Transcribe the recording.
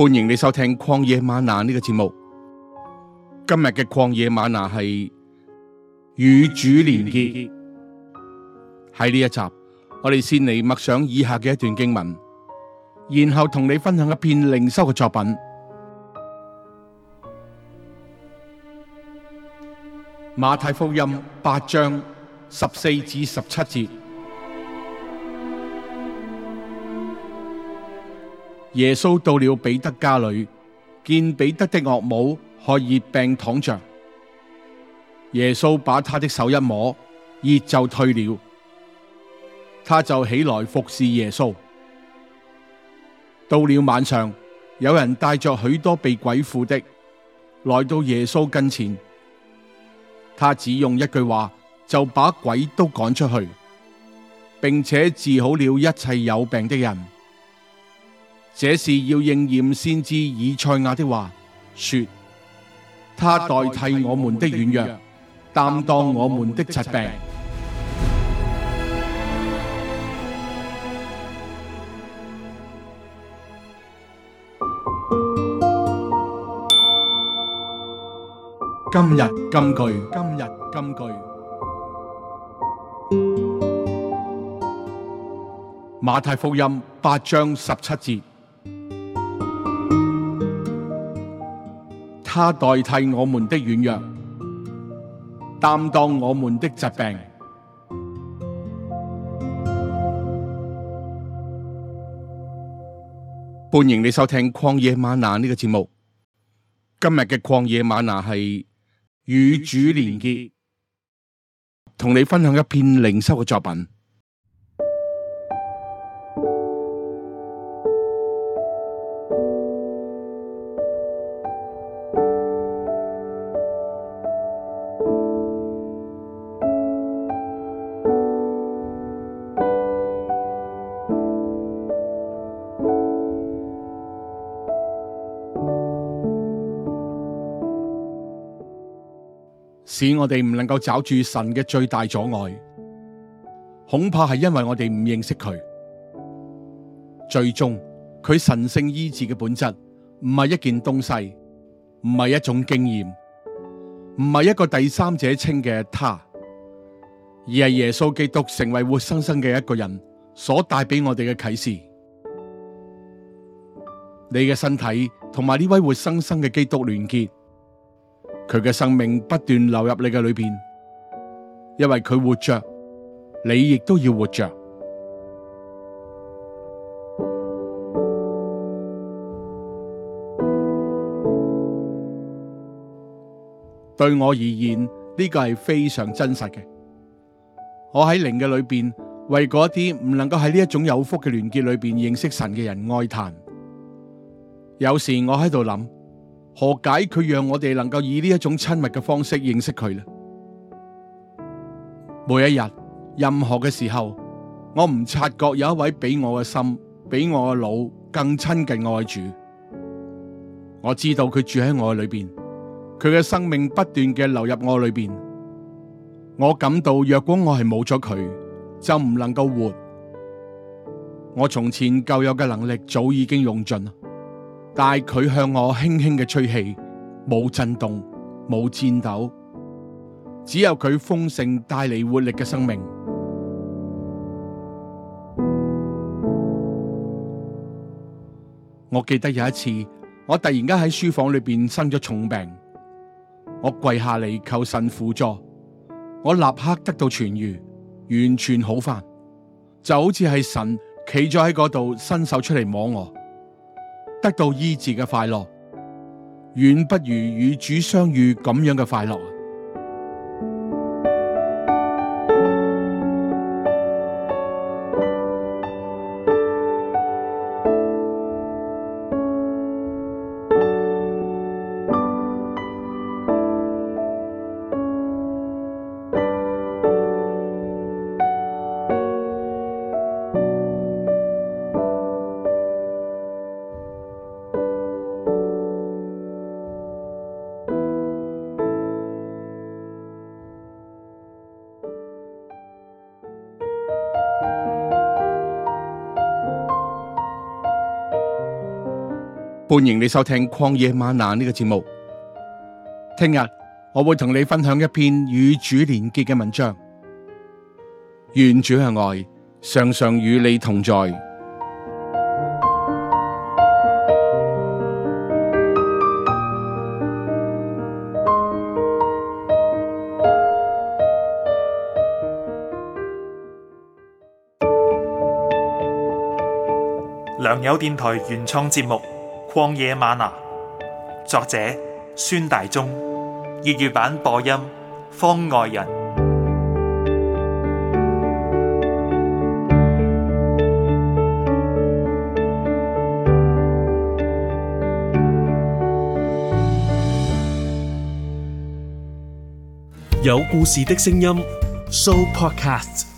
歡迎你收聽曠野嗎哪呢個節目。今日嘅曠野嗎哪係與主連結。喺呢一集，我哋先嚟默想以下嘅一段經文，然後同你分享一篇靈修嘅作品。馬太福音八章十四至十七節。耶穌到了彼得家裏，見彼得的岳母害熱病躺着，耶穌把他的手一摸，熱就退了，他就起來服侍耶穌。到了晚上，有人帶着許多被鬼附的來到耶穌跟前，他只用一句話就把鬼都趕出去，並且治好了一切有病的人。這是要應驗先知以賽亞的話，說，他代替我們的軟弱，擔當我們的疾病。今日金句，今日金句。馬太福音八章十七節。他代替我們的軟弱，擔當我們的疾病。歡迎你收聽曠野嗎哪呢個節目。今日嘅曠野嗎哪係與主連結，同你分享一篇靈修嘅作品。.使我哋唔能夠抓住神嘅最大阻礙，恐怕係因為我哋唔認識佢。最終，佢神聖醫治嘅本質唔係一件東西，唔係一種經驗，唔係一個第三者稱嘅他，而係耶穌基督成為活生生嘅一個人所帶俾我哋嘅啟示。你嘅身體同埋呢位活生生嘅基督連結。佢嘅生命不斷流入你嘅裏邊，因為佢活着，你亦都要活着。對我而言，呢個係非常真實嘅。我喺靈嘅裏邊，為嗰啲唔能夠喺呢一種有福嘅聯結裏邊認識神嘅人哀嘆。有時我喺度諗。何解佢讓我哋能夠以呢一種親密嘅方式認識佢呢？每一日，任何嘅時候，我唔察覺有一位比我嘅心、比我嘅腦更親近愛主。我知道佢住喺我裏邊，佢嘅生命不斷嘅流入我裏邊。我感到若果我係冇咗佢，就唔能夠活。我從前舊有嘅能力早已經用盡啦但佢向我輕輕嘅吹氣，冇震動，冇顫抖，只有佢豐盛帶嚟活力嘅生命。 我記得有一次，我突然間喺書房裏邊生咗重病，我跪下嚟求神輔助，我立刻得到痊癒，完全好翻，就好似係神企咗喺嗰度，伸手出嚟摸我。得到醫治嘅快樂，遠不如與主相遇咁樣嘅快樂。歡迎你收聽曠野嗎哪呢個節目。聽日我會同你分享一篇與主連結嘅文章。願主嘅愛常常與你同在。良友電台原創節目。曠野嗎哪，作者孫大中，粵語版播音方外人，有故事的聲音 show podcast。